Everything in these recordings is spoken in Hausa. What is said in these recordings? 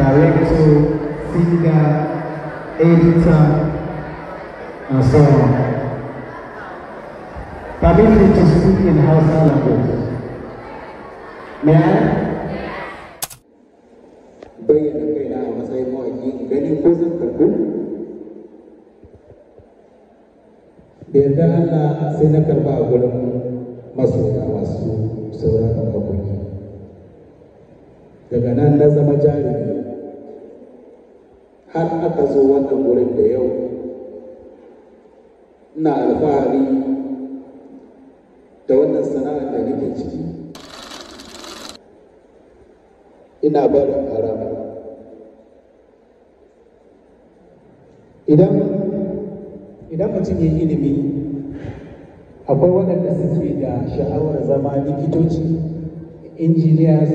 director, singer, editor, and so on. Permit me to speak in Hausa language. May I? Bayyana kaina a matsayin ko zan Allah sai na karɓa a gurin masoya masu sauraron mawaƙi. Daga nan na zama jarumi har aka zo wannan wurin da yau ina alfahari da wannan sana'ar da nake ciki ina barin haram idan idan mutum ya yi ilimi akwai waɗanda suke da sha'awar zama likitoci engineers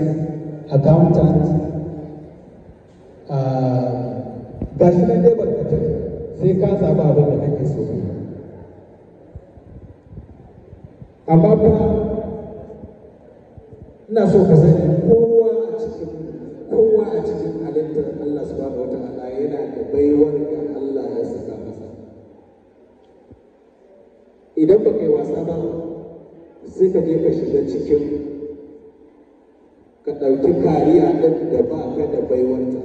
accountant uh, ga shi nan dai barkatun sai ka samu abin da kake so amma fa ina so ka sani kowa a cikin kowa a cikin halittar Allah subhanahu yana da baiwar da Allah ya saka masa idan ba kai wasa ba sai ka je ka shiga cikin ka ɗauki kariya ɗin da ba ka da baiwarta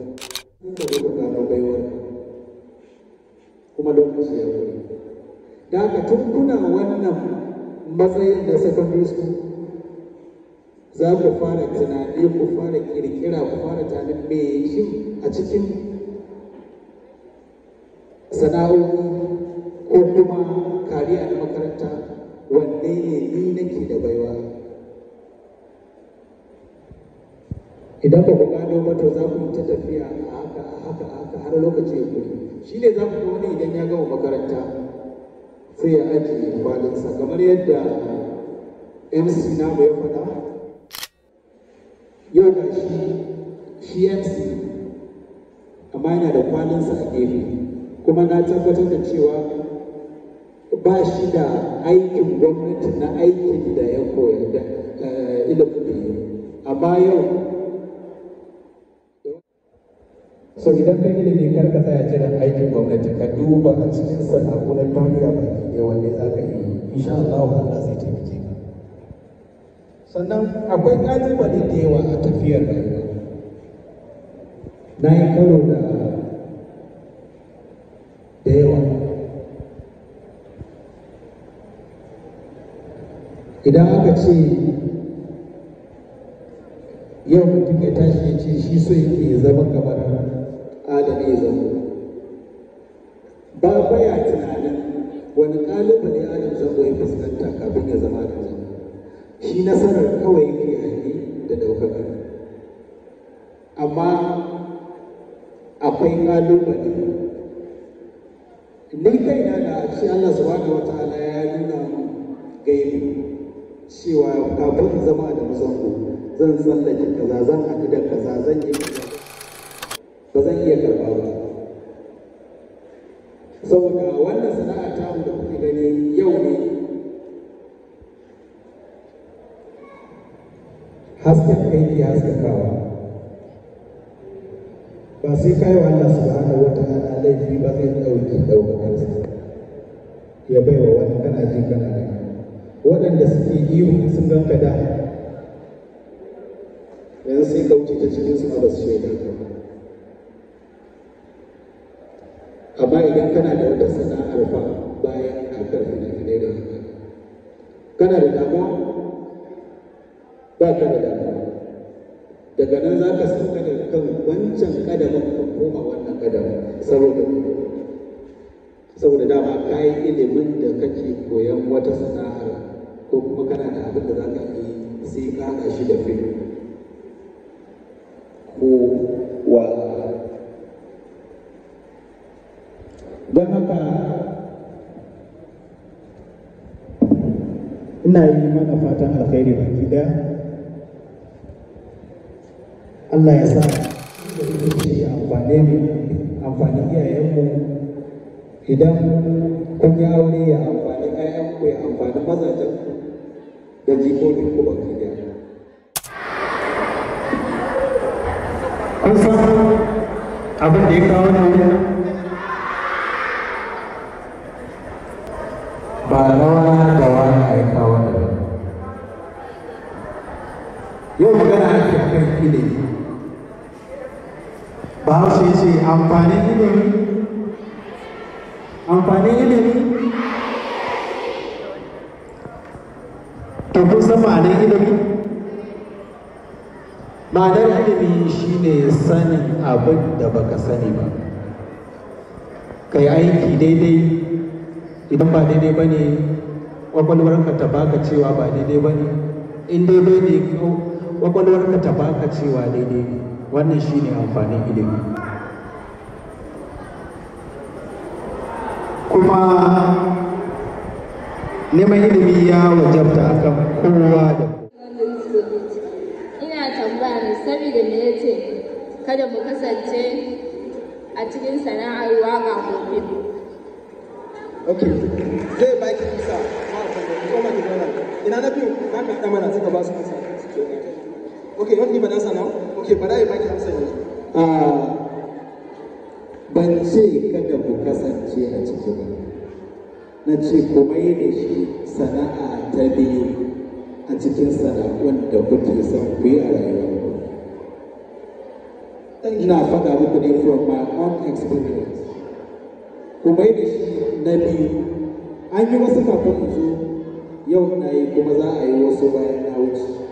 da haka tun kuna wannan matsayin da secondary school za ku fara tunani ku fara kirkira ku fara tunanin me shi a cikin sana'o'i ko kuma kariya na makaranta wanne ne ni nake da baiwa idan ba ku gano ba to za ku ta tafiya a haka a haka a haka har lokaci ya kuri shi ne za ku ga wani idan ya gama makaranta sai ya ajiye kwalinsa kamar yadda mc na ya faɗa yau da shi shi mc amma yana da kwalinsa a gefe kuma na tabbatar da cewa ba shi da aikin gwamnati na aikin da ya koyar da eh, ilimin amma yau so idan kai ilimi kar ka tsaya jiran aikin gwamnati ka duba a cikin sana'o na duniya ba ne wanne za ka yi insha Allah Allah zai taimake ka sannan akwai kalubale da yawa a tafiyar rayuwa na yi karo da da yawa idan aka ce yau mutum ya tashi ya ce shi so yake zama kamar lahu ba baya tunanin wani kalubale adam zango ya fuskanta kafin ya zama da shi nasarar kawai ne hangi da ɗaukaka amma akwai kalubale ni kaina da shi Allah wata ala ya nuna gaibi cewa kafin zama da zango zan tsallake kaza zan haɗu da kaza zan yi kaza da na yi yau ne hasken kai ke haskakawa ba sai kai wa Allah subhanahu wata'ala laifi ba zai ɗauki ɗaukakar sa ya bai wa wani ji kana gani waɗanda suke iyo sun ganka da yanzu sai ka ta cikin su ba su shaida amma idan kana da ka da haka kana da damuwa ba ka da damuwa daga nan za ka sauka da kan wancan kadamin ka koma wannan kadamin saboda saboda dama ka yi ilimin da kake koyan wata sana'ar ko kuma kana da abin da za ka yi sai ka haɗa shi da fi ko wa don haka ina yi mana fatan alkhairi baki daya Allah ya sa da ce amfane mu amfani iyayenmu idan kun yi aure ya amfani ƴaƴanku ya amfani mazajen da jikokin ku baki daya kun san abin da ya kawo ne ba rawa ɓangaren ilimi ba hausa ya ce amfanin ilimi amfanin ilimi to kun san ilimi ma'anar ilimi shine sanin abin da baka sani ba kai aiki daidai idan ba daidai ba ne kwakwalwarka ta baka cewa ba daidai ba ne in daidai ne kwakwalwar ka ta baka cewa daidai ne wannan shine amfanin ilimi kuma neman ilimi ya wajabta akan kowa da ina tambaya ne saboda me yace kada mu kasance a cikin sana'ar waka ko fim ok zai baki isa ma kuma ki zauna ina na biyu na ka mana suka ba su kasa Okay, you want to give an answer now? Okay, but I might answer you. Uh, ban ce kada ku kasance a ciki ba na ce ku mai da shi sana'a ta biyu a cikin sana'un da kuke son ku yi a rayuwa ina faɗa muku ne from my own experience ku mai da shi na biyu an yi wasu kafin zo yau na yi kuma za a yi wasu bayan na wuce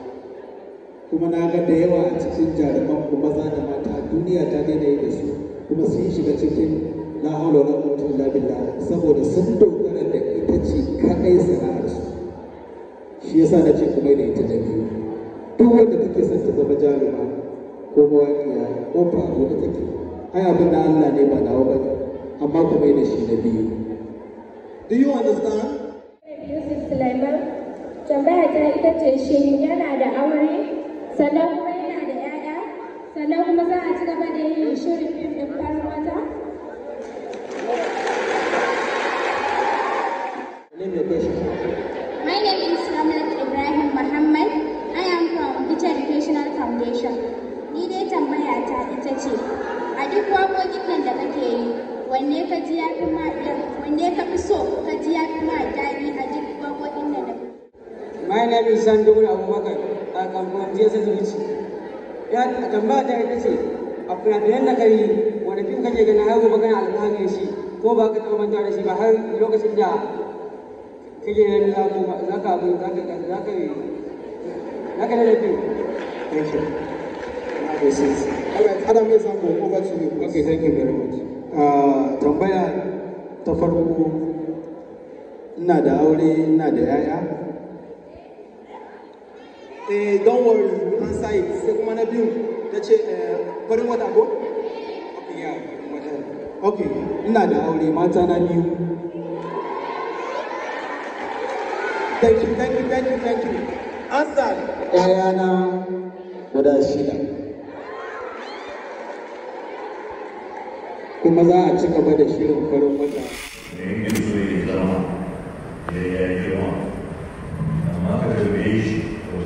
kuma na ga da yawa a cikin jaruman ku maza da mata duniya ta daina yi da su kuma sun shiga cikin la haula wala quwwata illa billah saboda sun dogara da ita ce kadai sana'ar su shi yasa na ce mai da ita da biyu duk wanda kake son ta zama jaruma ko mawaƙiya ko faru da kake ai abin da Allah ne ba nawa ne, amma ku mai da shi na biyu do you understand Yusuf Sulaiman tambaya ta ita ce shin yana da aure sannan kuma yana da 'ya'ya sannan kuma za a ci gaba da yin shirin fim ɗin farin wata My name is Ramlat Ibrahim Muhammad. I am from Teacher Educational Foundation. Ni dai tambaya ta ita ce, a duk waƙoƙin nan da kake yi, wanne ka ji ya fi ma wanne ka fi so ka ji ya fi ma daɗi a duk waƙoƙin nan da kake yi? My name is Sandul Abubakar. agogiye sai zuci ya tambaya ta ita ce a fina-finan da kai wani fim kake ganin har gobe kana alfaharin shi ko ba ka taɓa manta da shi ba har lokacin da kake ganin zamu za ka abu za ka za ka yi za ka da fim thank yi. Za ka Adam, yes, I'm going over to you. Okay, thank uh, tambaya ta farko ina da aure ina da 'ya'ya eh don't worry you answer it sai kuma na biyu ta ce eh, farin wata ko ok ina da aure mata na biyu thank you thank you thank you thank you answer what does she do? kuma za a ci gaba da shirin farin wata. Ne, ne, yi zama, ne, eh, ya yi ne,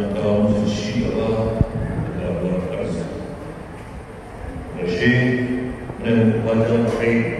يقامون في الله الله عز وجل وشيء من المقدمة